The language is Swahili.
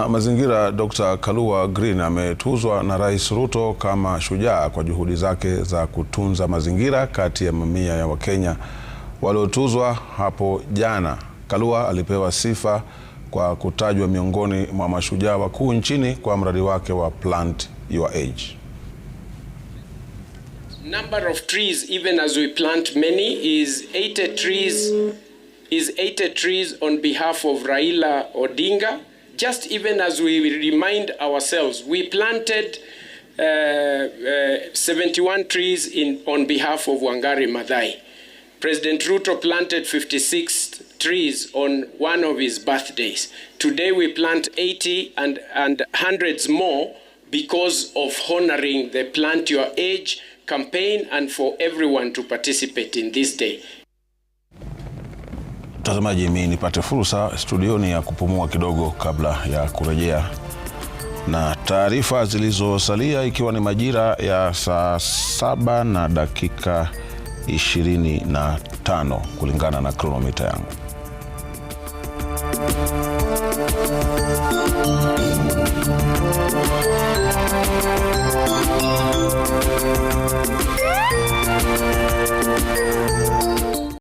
Ah, mazingira, Dr. Kalua Green ametuzwa na Rais Ruto kama shujaa kwa juhudi zake za kutunza mazingira kati ya mamia ya Wakenya waliotuzwa hapo jana. Kalua alipewa sifa kwa kutajwa miongoni mwa mashujaa wakuu nchini kwa mradi wake wa Plant Your Age. Number of trees even as we plant many is 80 trees is 80 trees on behalf of Raila Odinga just even as we remind ourselves, we planted uh, uh, 71 trees in, on behalf of Wangari Maathai. President Ruto planted 56 trees on one of his birthdays. Today we plant 80 and, and hundreds more because of honoring the Plant Your Age campaign and for everyone to participate in this day. Mtazamaji, mi nipate fursa studioni ya kupumua kidogo kabla ya kurejea na taarifa zilizosalia, ikiwa ni majira ya saa saba na dakika 25 kulingana na kronomita yangu.